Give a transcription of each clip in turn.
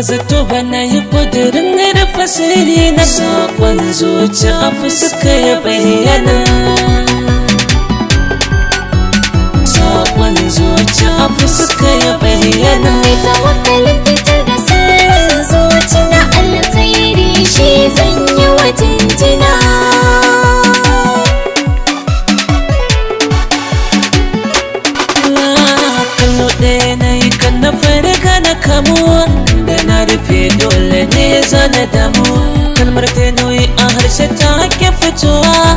ba zato ba na yi kudurin rufe sirri na saƙon zuci a fuska ya bayyana saƙon zuci a fuska ya bayyana mai tawakkalin fitar da sirrin zuci na zan yi wajen jina na ɗaya na kan na farka na kamuwa zane damu kalmar ta nauyi a harshe ta ke fitowa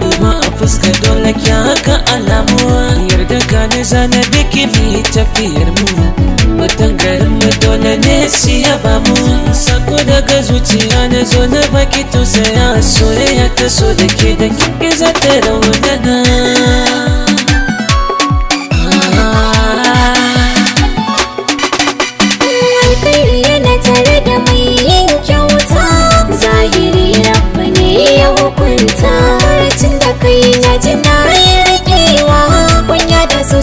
kuma a fuska dole ki haka alamu yarda ka ne zane biki ni tafiyar mu watan garin mu dole ne si ya ba mu sako daga zuciya na zo na baki tausaya soyayya ta so da ke da kike za ta rauna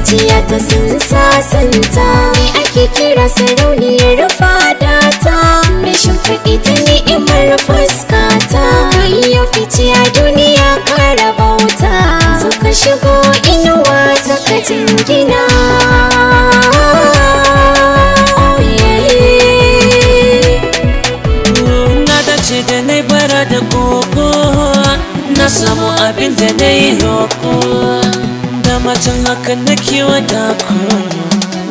zuciya ta sun sasanta me ake kira sarauniyar fada ta me shimfiɗi ta ni'imar fuskata ya fice a duniya kara bauta suka shigo inuwa suka jingina oh, da na bara da koko na samu abin da na yi fatan hakan nake wata ku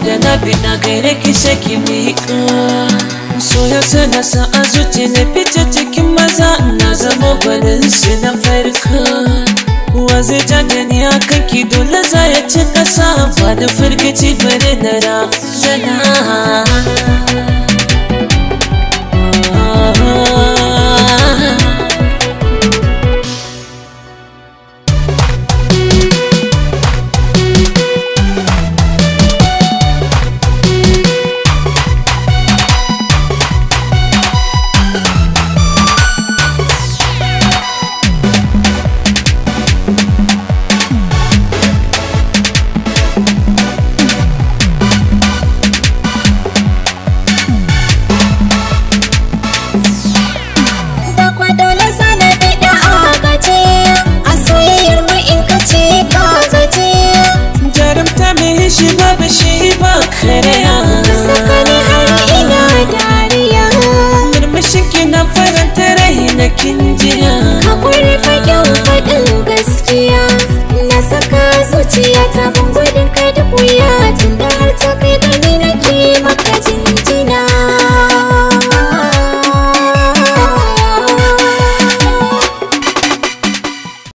da na bi na gaire ki shaki miƙa ya sana sa a zuci na fita cikin maza na zama gwanin shi na farko wa zai ja da a kan ki dole za ya ci kasa ba da firgici bare na razana look, let it